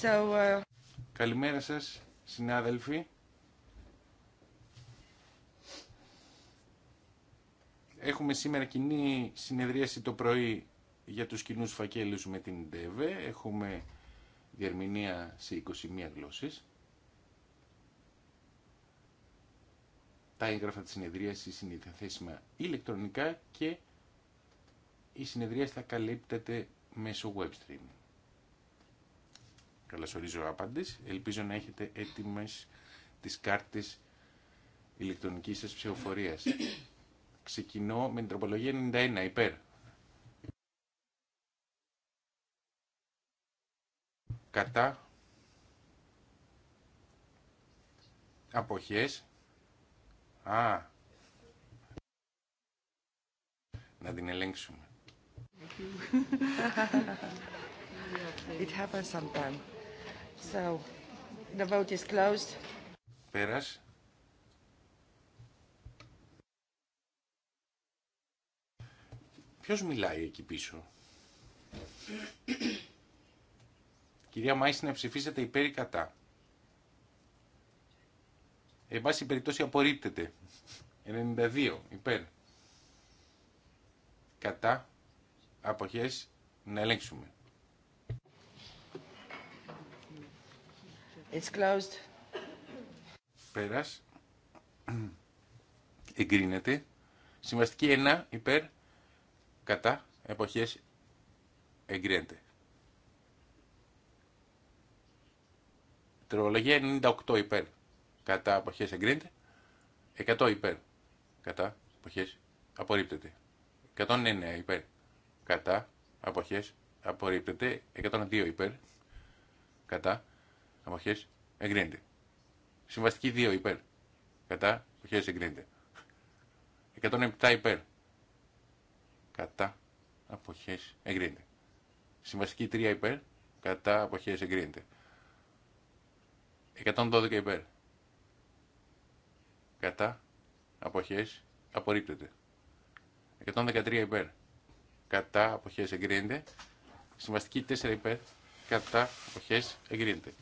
So, uh, Καλημέρα σας, συνάδελφοι. Έχουμε σήμερα κοινή συνεδρίαση το πρωί για τους κοινούς φακέλους με την ΔΕΒΕ. Έχουμε διερμηνία σε 21 γλώσσες. Τα έγγραφα της συνεδρίασης είναι διαθέσιμα ηλεκτρονικά και η συνεδρία θα καλύπτεται μέσω web streaming σωρίζω άπαντες. Ελπίζω να έχετε έτοιμες τις κάρτες ηλεκτρονικής σας ψηφοφορίας. Ξεκινώ με την τροπολογία 91, υπέρ. Κατά. Αποχές. Α. Να την ελέγξουμε. It happens sometimes. So, the Πέρας. Ποιος μιλάει εκεί πίσω. Κυρία Μάης να ψηφίσετε υπέρ ή κατά. Εν πάση περιπτώσει απορρίπτεται. 92 υπέρ. Κατά. Αποχές να ελέγξουμε. It's closed. Πέρας. Εγκρίνεται. Συμβαστική 1 υπέρ κατά εποχές εγκρίνεται. Τροπολογία 98 υπέρ κατά εποχές εγκρίνεται. 100 υπέρ κατά εποχές απορρίπτεται. 109 υπέρ κατά εποχές απορρίπτεται. 102 υπέρ κατά Αμαχέ εγκρίνεται. Συμβαστική 2 υπέρ, κατά, Αμαχέ εγκρίνεται. 107 υπέρ, κατά, Αποχέ εγκρίνεται. Συμβαστική 3 υπέρ, κατά, Αποχέ εγκρίνεται. 112 υπέρ, κατά, απόχέ απορρίπτεται. 113 υπέρ, κατά, Αποχέ εγκρίνεται. Συμβαστική 4 υπέρ, κατά, Αποχέ εγκρίνεται.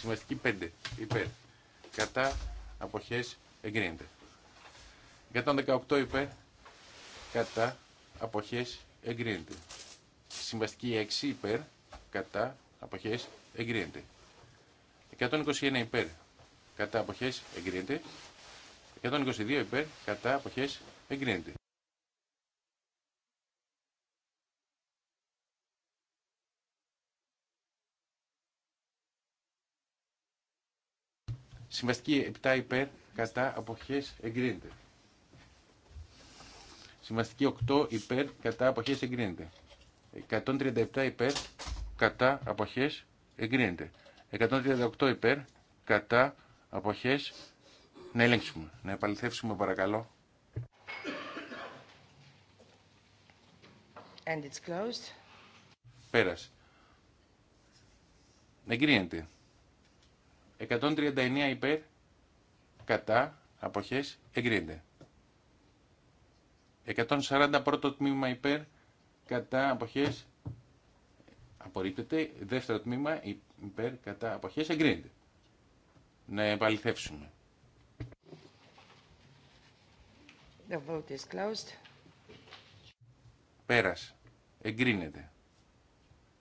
Συμβαστική 5 υπέρ. Κατά αποχές εγκρίνεται. 118 υπέρ. Κατά αποχές εγκρίνεται. Συμβαστική 6 υπέρ. Κατά αποχές εγκρίνεται. 121 υπέρ. Κατά αποχές εγκρίνεται. 122 υπέρ. Κατά αποχές εγκρίνεται. Συμβαστική 7 υπέρ κατά αποχές εγκρίνεται. Συμβαστική 8 υπέρ κατά αποχές εγκρίνεται. 137 υπέρ κατά αποχές εγκρίνεται. 138 υπέρ κατά αποχές να ελέγξουμε, να επαληθεύσουμε παρακαλώ. And it's closed. Πέρασε. Εγκρίνεται. 139 υπέρ, κατά, αποχές, εγκρίνεται. 141 τμήμα υπέρ, κατά, αποχές, απορρίπτεται. Δεύτερο τμήμα υπέρ, κατά, αποχές, εγκρίνεται. Να επαληθεύσουμε. The vote is closed. Πέρας. Εγκρίνεται.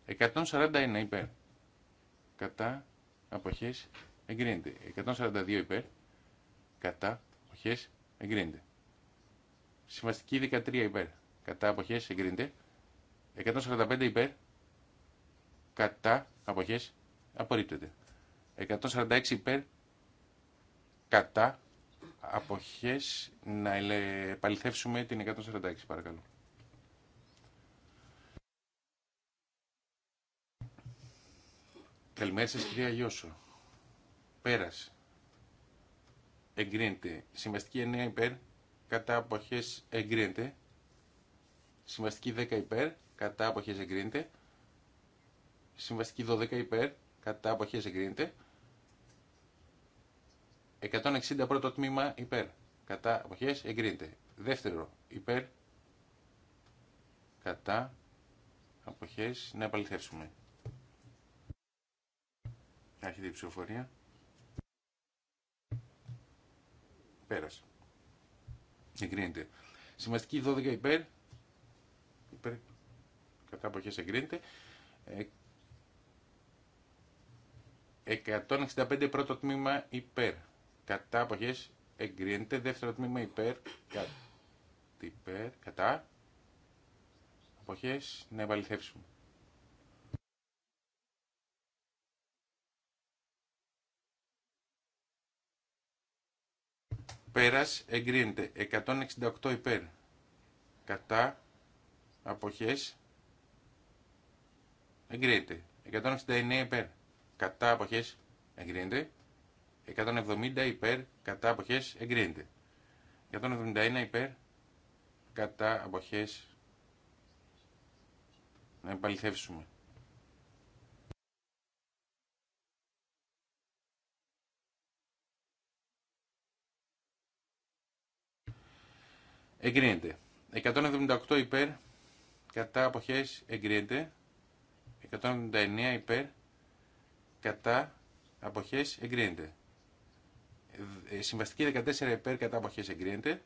141 υπέρ. Κατά αποχές εγκρίνεται. 142 υπέρ, κατά, αποχές εγκρίνεται. Συμβαστική 13 υπέρ, κατά, αποχές εγκρίνεται. 145 υπέρ, κατά, αποχές απορρίπτεται. 146 υπέρ, κατά, αποχές να επαληθεύσουμε την 146 παρακαλώ. Καλημέρα σας κυρία Γιώσο. Πέρασε. Εγκρίνεται. Συμβαστική 9 υπέρ. Κατά αποχές εγκρίνεται. Συμβαστική 10 υπέρ. Κατά αποχές εγκρίνεται. Συμβαστική 12 υπέρ. Κατά αποχές εγκρίνεται. πρώτο τμήμα υπέρ. Κατά αποχές εγκρίνεται. Δεύτερο υπέρ. Κατά αποχές να επαληθεύσουμε. Άρχεται η ψηφοφορία. Πέρασε. Εγκρίνεται. Σημαστική 12 υπέρ. Υπέρ. Κατά αποχές εγκρίνεται. 165 ε, πρώτο τμήμα υπέρ. Κατά αποχές εγκρίνεται. Δεύτερο τμήμα υπέρ. Κα... υπέρ. Κατά. Αποχές να επαληθεύσουμε. Πέρας εγκρίνεται 168 υπέρ. Κατά αποχές εγκρίνεται 169 υπέρ. Κατά αποχές εγκρίνεται 170 υπέρ. Κατά αποχές εγκρίνεται 171 υπέρ. Κατά αποχές να επαληθεύσουμε. Εγκρίνεται. 178 υπέρ κατά αποχές εγκρίνεται. 179 υπέρ κατά αποχές εγκρίνεται. Ε, συμβαστική 14 υπέρ κατά αποχές εγκρίνεται.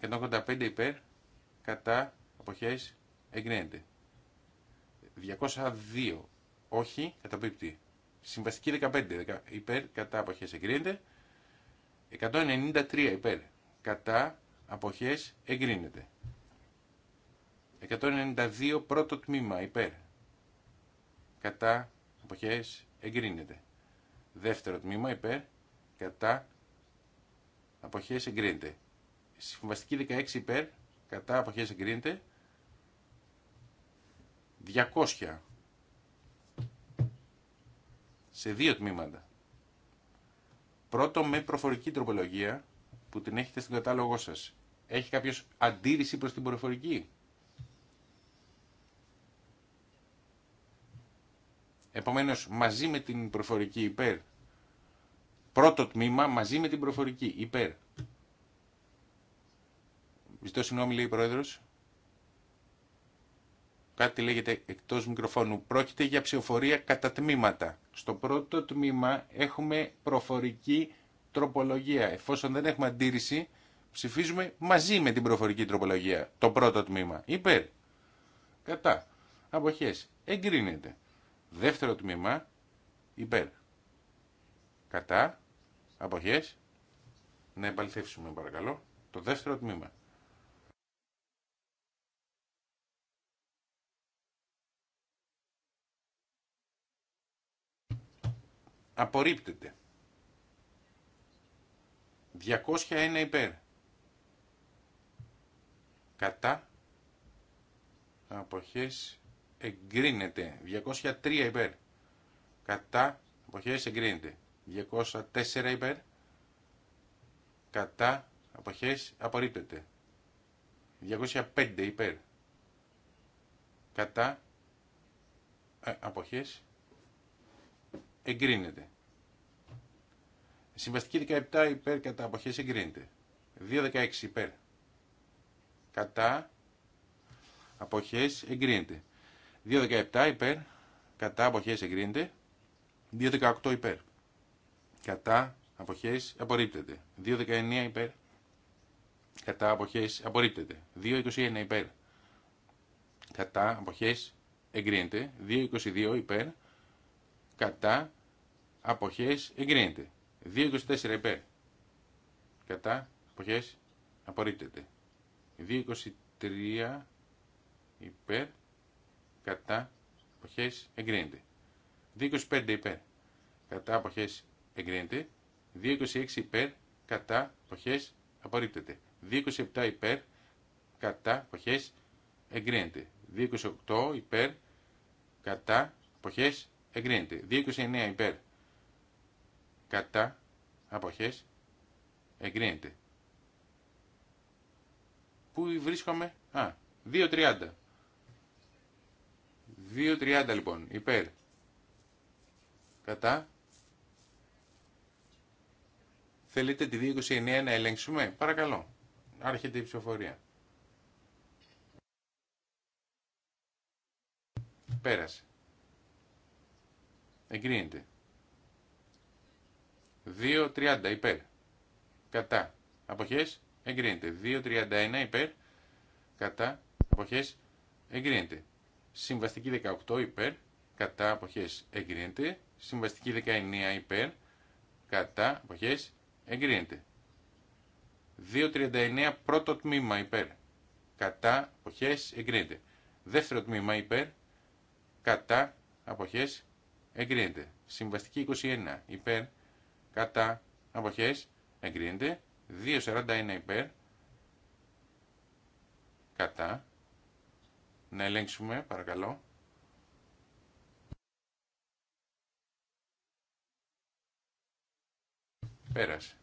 185 υπέρ κατά αποχές εγκρίνεται. 202 όχι καταπίπτει. Συμβαστική 15 υπέρ κατά αποχές εγκρίνεται. 193 υπέρ κατά αποχές εγκρίνεται. 192 πρώτο τμήμα υπέρ κατά αποχές εγκρίνεται. Δεύτερο τμήμα υπέρ κατά αποχές εγκρίνεται. Συμβαστική 16 υπέρ κατά αποχές εγκρίνεται. 200 σε δύο τμήματα. Πρώτο με προφορική τροπολογία που την έχετε στον κατάλογό σας έχει κάποιο αντίρρηση προς την προφορική. Επομένως, μαζί με την προφορική υπέρ. Πρώτο τμήμα, μαζί με την προφορική υπέρ. Ζητώ συγγνώμη, λέει ο Πρόεδρος. Κάτι λέγεται εκτός μικροφώνου. Πρόκειται για ψηφοφορία κατά τμήματα. Στο πρώτο τμήμα έχουμε προφορική τροπολογία. Εφόσον δεν έχουμε αντίρρηση, Ψηφίζουμε μαζί με την προφορική τροπολογία το πρώτο τμήμα. Υπέρ. Κατά. Αποχές. Εγκρίνεται. Δεύτερο τμήμα. Υπέρ. Κατά. Αποχές. Να επαληθεύσουμε παρακαλώ το δεύτερο τμήμα. Απορρίπτεται. 201 υπέρ κατά αποχές εγκρίνεται 203 υπέρ κατά αποχές εγκρίνεται 204 υπέρ κατά αποχές απορρίπτεται 205 ε, υπέρ κατά αποχές εγκρίνεται συμβαστική 17 υπέρ κατά αποχές εγκρίνεται 216 υπέρ κατά αποχές εγκρίνεται. 2.17 υπέρ, κατά αποχές εγκρίνεται. 2.18 υπέρ, κατά αποχές απορρίπτεται. 2.19 υπέρ, κατά αποχές απορρίπτεται. 2.21 υπέρ, κατά αποχές εγκρίνεται. 2.22 υπέρ, κατά αποχές εγκρίνεται. 2.24 υπέρ, κατά αποχές απορρίπτεται. 2.23 υπέρ κατά αποχές εγκρίνεται. 2.25 υπέρ κατά αποχές εγκρίνεται. 2.26 υπέρ κατά αποχές απορρίπτεται. 2.27 υπέρ κατά αποχές εγκρίνεται. 2.28 υπέρ κατά αποχές εγκρίνεται. 2.29 υπέρ κατά αποχές εγκρίνεται. Πού βρίσκομαι. Α, 2.30. 2.30 λοιπόν, υπέρ. Κατά. Θέλετε τη 2.29 να ελέγξουμε. Παρακαλώ. Άρχεται η ψηφοφορία. Πέρασε. Εγκρίνεται. 2.30 υπέρ. Κατά. Αποχές εγκρίνεται. 2.31 υπέρ, κατά, αποχές, εγκρίνεται. Συμβαστική 18 υπέρ, κατά, αποχές, εγκρίνεται. Συμβαστική 19 υπέρ, κατά, αποχές, εγκρίνεται. 2.39 πρώτο τμήμα υπέρ, κατά, αποχές, εγκρίνεται. Δεύτερο τμήμα υπέρ, κατά, αποχές, εγκρίνεται. Συμβαστική 21 υπέρ, κατά, αποχές, εγκρίνεται. 2.41 υπέρ κατά να ελέγξουμε παρακαλώ πέρασε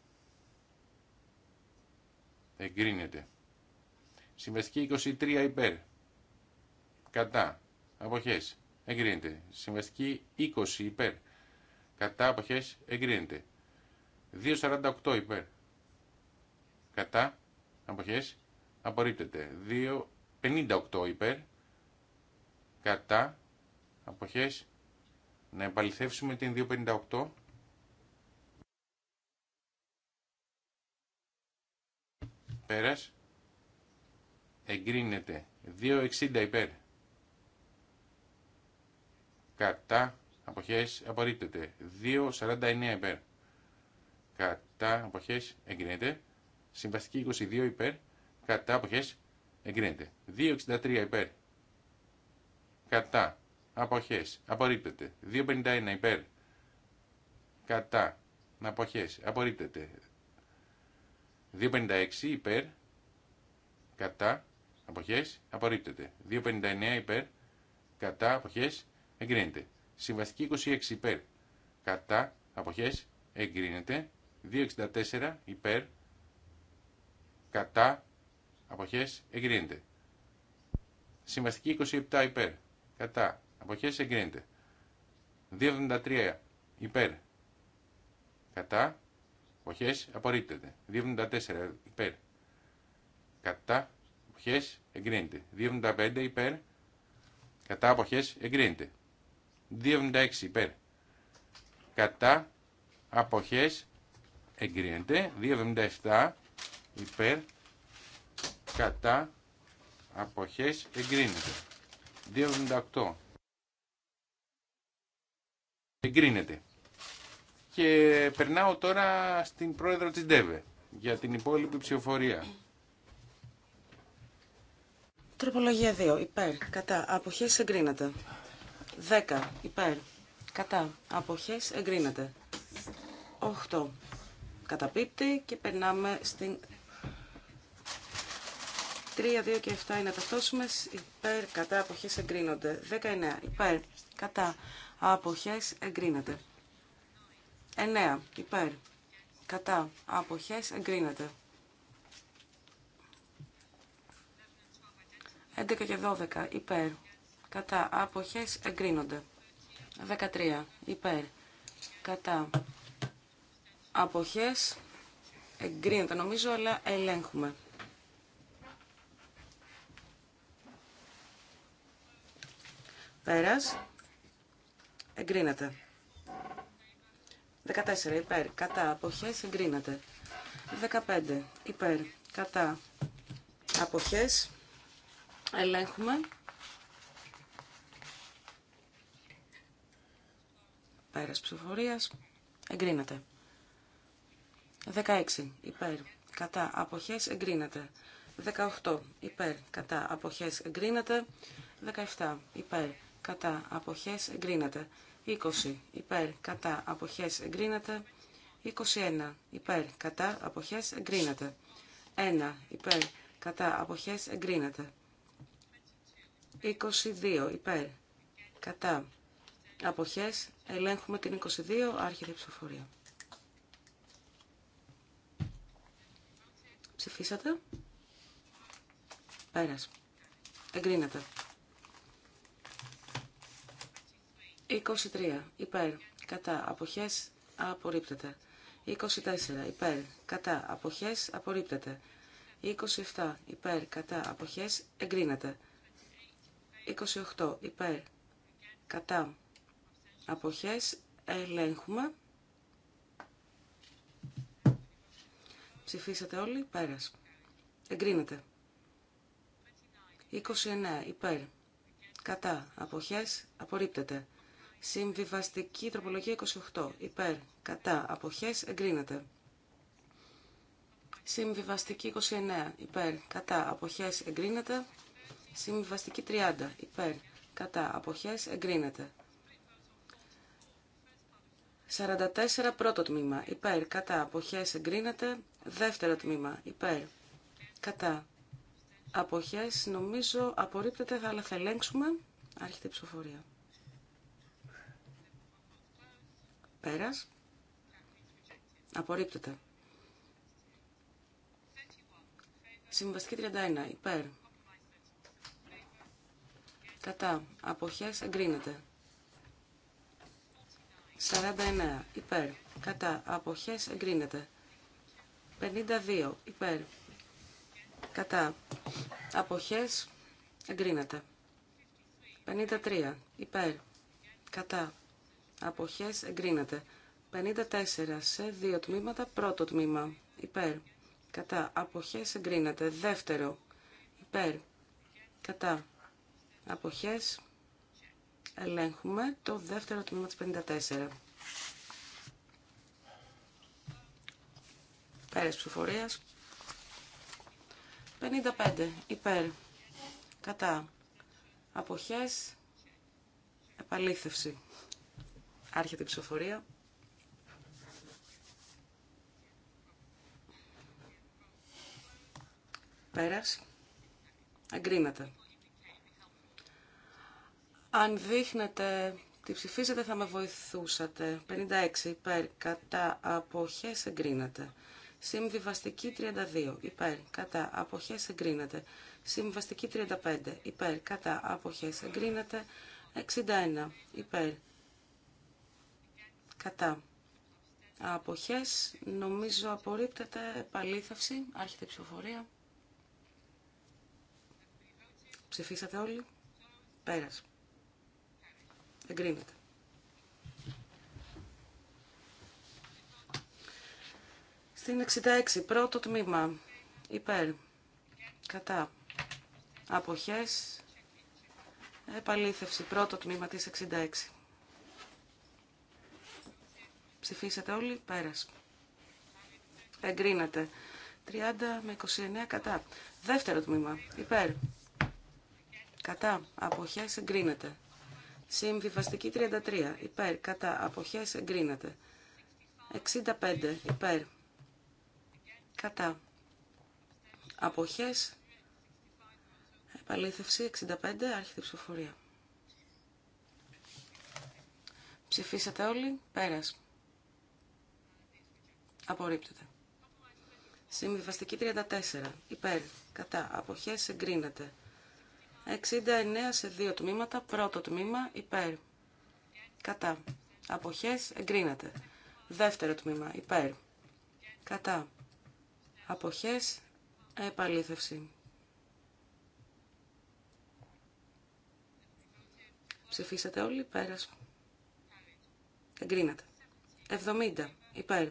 εγκρίνεται συμβαστική 23 υπέρ κατά αποχές εγκρίνεται συμβαστική 20 υπέρ κατά αποχές εγκρίνεται 2.48 υπέρ κατά, αποχές, απορρίπτεται. 2.58 υπέρ, κατά, αποχές, να επαληθεύσουμε την 2.58. Πέρας, εγκρίνεται. 2.60 υπέρ, κατά, αποχές, απορρίπτεται. 2.49 υπέρ, κατά, αποχές, εγκρίνεται. Συμβαστική 22 υπέρ. Κατά αποχές εγκρίνεται. 2.63 υπέρ. Κατά αποχές απορρίπτεται. 2.51 υπέρ. Κατά αποχές απορρίπτεται. 2.56 υπέρ. Κατά αποχές απορρίπτεται. 2.59 υπέρ. Κατά αποχές εγκρίνεται. Συμβαστική 26 υπέρ. Κατά αποχές εγκρίνεται. 2.64 υπέρ κατά, αποχές, εγκρίνεται. Συμβαστική 27 υπέρ, κατά, αποχές, εγκρίνεται. 273 υπέρ, κατά, αποχές, απορρίπτεται. 274 υπέρ, κατά, αποχές, εγκρίνεται. 275 υπέρ, κατά, αποχές, εγκρίνεται. 276 υπέρ, κατά, αποχές, εγκρίνεται. 277 υπέρ κατά αποχές εγκρίνεται 278 εγκρίνεται και περνάω τώρα στην πρόεδρο της ΔΕΒΕ για την υπόλοιπη ψηφοφορία Τροπολογία 2 υπέρ κατά αποχές εγκρίνεται 10 υπέρ κατά αποχές εγκρίνεται 8 καταπίπτει και περνάμε στην 3, 2 και 7 είναι ταυτόσιμε. Υπέρ, κατά, απόχέ εγκρίνονται. 19. Υπέρ, κατά, Αποχέ, εγκρίνεται. 9. Υπέρ, κατά, απόχέ, εγκρίνεται. 11 και 12. Υπέρ, κατά, άποχέ, εγκρίνονται. 13. Υπέρ, κατά, απόχέ. εγκρίνεται νομίζω, αλλά ελέγχουμε. Πέρας. Εγκρίνεται. 14 υπέρ. Κατά. Αποχές. Εγκρίνεται. 15 υπέρ. Κατά. Αποχές. Ελέγχουμε. Πέρας ψηφοφορίας. Εγκρίνεται. 16 υπέρ. Κατά. Αποχές. Εγκρίνεται. 18 υπέρ. Κατά. Αποχές. Εγκρίνεται. 17 υπέρ κατά αποχές εγκρίνεται. 20 υπέρ κατά αποχές εγκρίνεται. 21 υπέρ κατά αποχές εγκρίνεται. 1 υπέρ κατά αποχές εγκρίνεται. 22 υπέρ κατά αποχές ελέγχουμε την 22 άρχιδη ψηφοφορία. Ψηφίσατε. Πέρας. Εγκρίνεται. 23. Υπέρ. Κατά. Αποχές. Απορρίπτεται. 24. Υπέρ. Κατά. Αποχές. Απορρίπτεται. 27. Υπέρ. Κατά. Αποχές. Εγκρίνεται. 28. Υπέρ. Κατά. Αποχές. Ελέγχουμε. Ψηφίσατε όλοι. Πέρας. Εγκρίνεται. 29. Υπέρ. Κατά. Αποχές. Απορρίπτεται. Συμβιβαστική τροπολογία 28. Υπέρ. Κατά. Αποχές. Εγκρίνεται. Συμβιβαστική 29. Υπέρ. Κατά. Αποχές. Εγκρίνεται. Συμβιβαστική 30. Υπέρ. Κατά. Αποχές. Εγκρίνεται. 44. Πρώτο τμήμα. Υπέρ. Κατά. Αποχές. Εγκρίνεται. Δεύτερο τμήμα. Υπέρ. Κατά. Αποχές. Νομίζω απορρίπτεται, αλλά θα ελέγξουμε. Άρχεται η ψηφοφορία. Πέρας. Απορρίπτεται. Συμβαστική 31. Υπέρ. Κατά. Αποχές εγκρίνεται. 49. Υπέρ. Κατά. Αποχές εγκρίνεται. 52. Υπέρ. Κατά. Αποχές εγκρίνεται. 53. Υπέρ. Κατά αποχές εγκρίνεται. 54 σε δύο τμήματα, πρώτο τμήμα, υπέρ, κατά, αποχές εγκρίνεται. Δεύτερο, υπέρ, κατά, αποχές, ελέγχουμε το δεύτερο τμήμα της 54. Πέρες ψηφοφορίας. 55. Υπέρ. Κατά. Αποχές. Επαλήθευση. Άρχεται η ψηφοφορία. Πέρας. Εγκρίνεται. Αν δείχνετε τι ψηφίζετε θα με βοηθούσατε. 56 υπέρ κατά αποχές εγκρίνεται. Συμβιβαστική 32 υπέρ κατά αποχές εγκρίνεται. Συμβιβαστική 35 υπέρ κατά αποχές εγκρίνεται. 61 υπέρ Κατά. Αποχές. Νομίζω απορρίπτεται επαλήθευση. Άρχεται η ψηφοφορία. Ψηφίσατε όλοι. Πέρας. Εγκρίνεται. Στην 66. Πρώτο τμήμα. Υπέρ. Κατά. Αποχές. Επαλήθευση. Πρώτο τμήμα της 66. Ψηφίσατε όλοι, πέρας. Εγκρίνατε. 30 με 29 κατά. Δεύτερο τμήμα, υπέρ. Κατά, αποχές, εγκρίνεται. Συμβιβαστική 33, υπέρ, κατά, αποχές, εγκρίνεται. 65, υπέρ. Κατά. Αποχές, επαλήθευση 65, άρχιτη ψηφοφορία. Ψηφίσατε όλοι, πέρας. Απορρίπτεται. Συμβιβαστική 34. Υπέρ. Κατά. Αποχές εγκρίνεται. 69 σε δύο τμήματα. Πρώτο τμήμα. Υπέρ. Κατά. Αποχές εγκρίνεται. Δεύτερο τμήμα. Υπέρ. Κατά. Αποχές επαλήθευση. Ψηφίσατε όλοι. Πέρας. Εγκρίνατε. 70. Υπέρ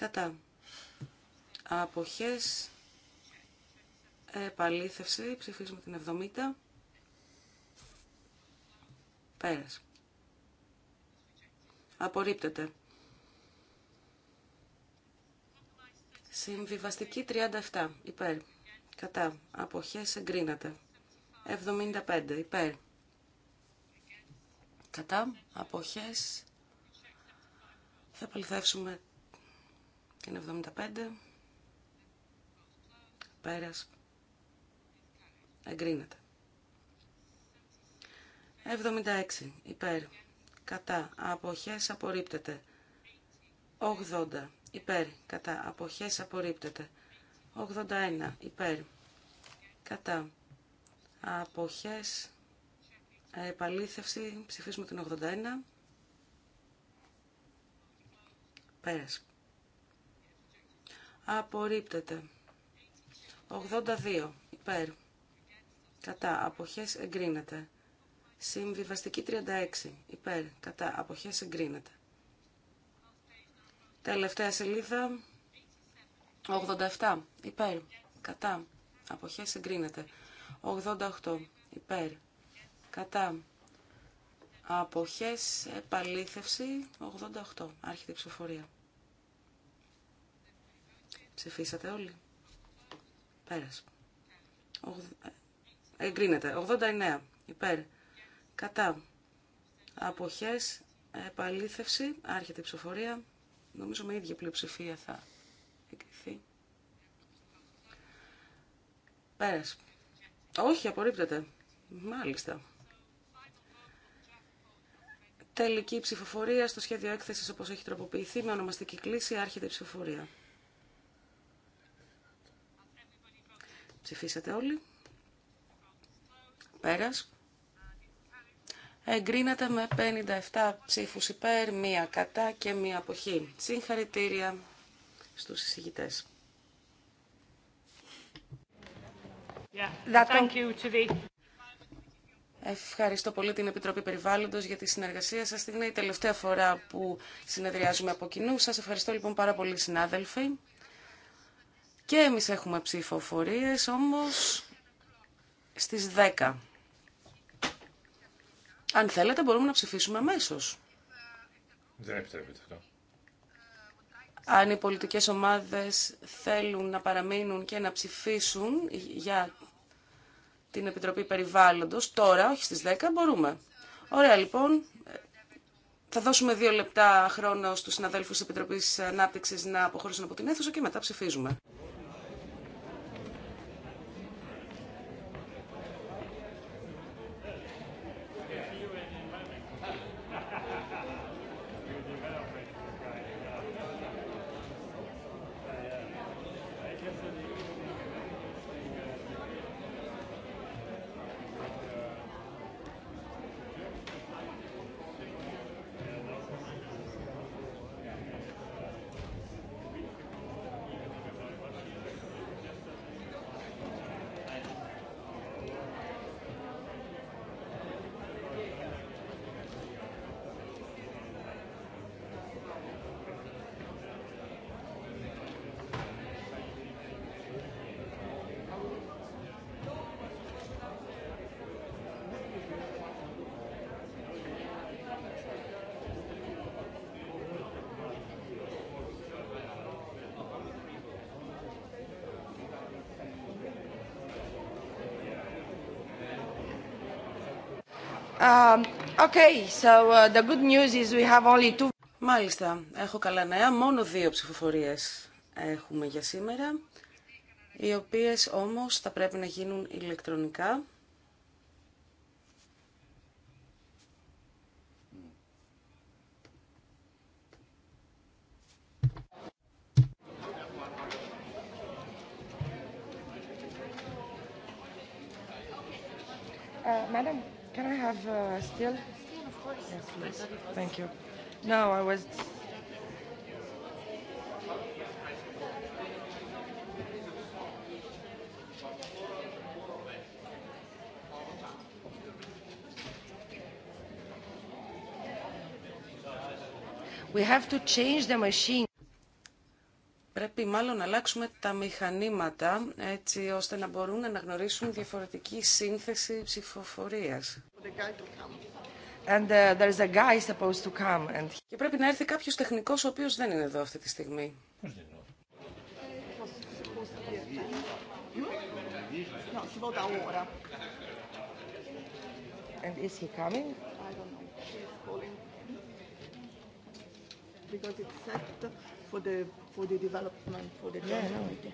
κατά αποχές επαλήθευση ψηφίζουμε την 70 πέρας απορρίπτεται Συμβιβαστική 37. Υπέρ. Κατά. Αποχές εγκρίνεται. 75. Υπέρ. Κατά. Αποχές. Θα επαληθεύσουμε είναι 75. Πέρας. Εγκρίνεται. 76. Υπέρ. Κατά. Αποχές απορρίπτεται. 80. Υπέρ. Κατά. Αποχές απορρίπτεται. 81. Υπέρ. Κατά. Αποχές. Επαλήθευση. Ψηφίσουμε την 81. Πέρας απορρίπτεται. 82 υπέρ. Κατά αποχές εγκρίνεται. Συμβιβαστική 36 υπέρ. Κατά αποχές εγκρίνεται. Τελευταία σελίδα 87 υπέρ. Κατά αποχές εγκρίνεται. 88 υπέρ. Κατά αποχές επαλήθευση 88. Άρχεται η ψηφοφορία. Ψηφίσατε όλοι. Πέρας. Ε, εγκρίνεται. 89. Υπέρ. Κατά. Αποχές. Επαλήθευση. Άρχεται η ψηφοφορία. Νομίζω με ίδια πλειοψηφία θα εγκριθεί. Πέρας. Όχι, απορρίπτεται. Μάλιστα. Τελική ψηφοφορία στο σχέδιο έκθεσης όπως έχει τροποποιηθεί με ονομαστική κλίση άρχεται η ψηφοφορία. Ψηφίσατε όλοι. Πέρας. Εγκρίνατε με 57 ψήφους υπέρ, μία κατά και μία αποχή. Συγχαρητήρια στους εισηγητές. Yeah, thank you to the... Ευχαριστώ πολύ την Επιτροπή Περιβάλλοντος για τη συνεργασία σας. Είναι η τελευταία φορά που συνεδριάζουμε από κοινού. Σας ευχαριστώ λοιπόν πάρα πολύ συνάδελφοι. Και εμείς έχουμε ψηφοφορίες, όμως στις 10. Αν θέλετε μπορούμε να ψηφίσουμε αμέσω. Δεν επιτρέπεται αυτό. Αν οι πολιτικές ομάδες θέλουν να παραμείνουν και να ψηφίσουν για την Επιτροπή Περιβάλλοντος, τώρα, όχι στις 10, μπορούμε. Ωραία λοιπόν, θα δώσουμε δύο λεπτά χρόνο στους συναδέλφους της Επιτροπής Ανάπτυξης να αποχωρήσουν από την αίθουσα και μετά ψηφίζουμε. Um, okay, so uh, the good news is we have only two... Μάλιστα, έχω καλά νέα. Μόνο δύο ψηφοφορίες έχουμε για σήμερα, οι οποίες όμως θα πρέπει να γίνουν ηλεκτρονικά. Uh, madam. I have uh, still? Thank you. I was. We have to change the machine. Πρέπει μάλλον να αλλάξουμε τα μηχανήματα έτσι ώστε να μπορούν να αναγνωρίσουν διαφορετική σύνθεση ψηφοφορίας. And there is a guy supposed to come and... Και πρέπει να έρθει κάποιος τεχνικός ο οποίος δεν είναι εδώ αυτή τη στιγμή. And is he coming? I don't know. calling because it's set for the for the development for the yeah, no.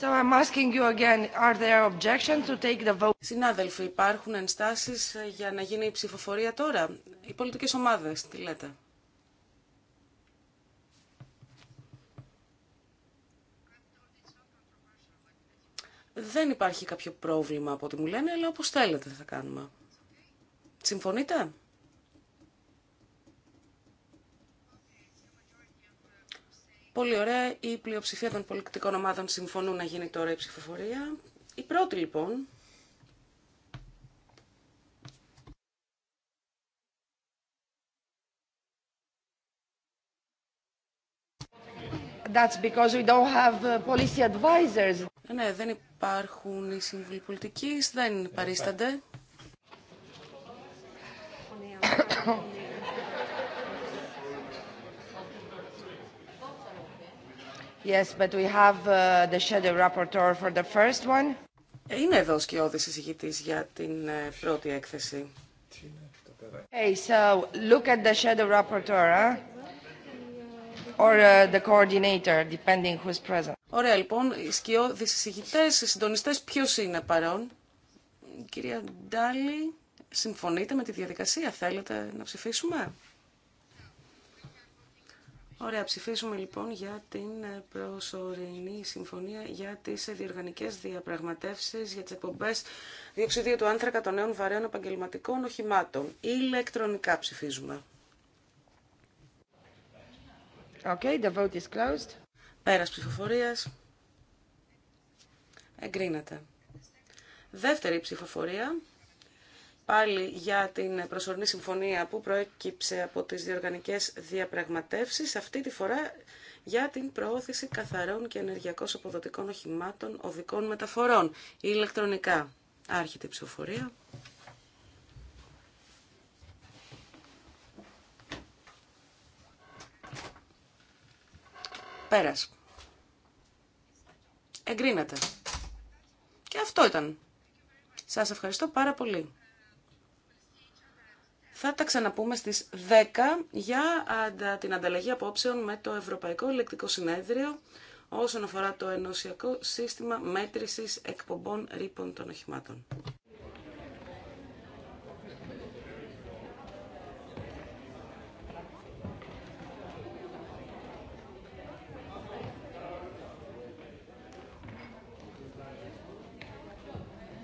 So I'm asking you again, are there objections to take the vote? Συνάδελφοι, υπάρχουν ενστάσεις ε, για να γίνει η ψηφοφορία τώρα. Οι πολιτικές ομάδες, τι λέτε. Δεν υπάρχει κάποιο πρόβλημα από ό,τι μου λένε, αλλά όπως θέλετε θα κάνουμε. Συμφωνείτε? Πολύ ωραία, η πλειοψηφία των πολιτικών ομάδων συμφωνούν να γίνει τώρα η ψηφοφορία. Η πρώτη λοιπόν That's because we don't have uh, policy advisors. Ε, ναι, δεν υπάρχουν οι σύμβουλοι πολιτικής, δεν παρίστανται. Yes, but we have uh, the shadow rapporteur for the first one. Είναι εδώ ο σκιώδης εισηγητής για την ε, πρώτη έκθεση. Hey, so look at the shadow rapporteur, huh? or uh, the coordinator, depending who's present. Ωραία, λοιπόν, οι σκιώδεις εισηγητές, οι συντονιστές, ποιος είναι παρόν. Κυρία Ντάλη, συμφωνείτε με τη διαδικασία, θέλετε να ψηφίσουμε. Ωραία, Ψηφίζουμε, λοιπόν για την ε, προσωρινή συμφωνία για τις ε, διοργανικέ διαπραγματεύσεις για τι εκπομπέ διοξιδίου του άνθρακα των νέων βαρέων επαγγελματικών οχημάτων. Ηλεκτρονικά ψηφίζουμε. Okay, the vote is closed. ψηφοφορίας. Εγκρίνεται. Δεύτερη ψηφοφορία πάλι για την προσωρινή συμφωνία που προέκυψε από τις διοργανικές διαπραγματεύσεις, αυτή τη φορά για την προώθηση καθαρών και ενεργειακώς αποδοτικών οχημάτων οδικών μεταφορών ηλεκτρονικά. Άρχεται η ψηφοφορία. Πέρας. Εγκρίνατε. Και αυτό ήταν. Σας ευχαριστώ πάρα πολύ. Θα τα ξαναπούμε στις 10 για την ανταλλαγή απόψεων με το Ευρωπαϊκό Ελεκτικό Συνέδριο όσον αφορά το ενωσιακό σύστημα μέτρησης εκπομπών ρήπων των οχημάτων.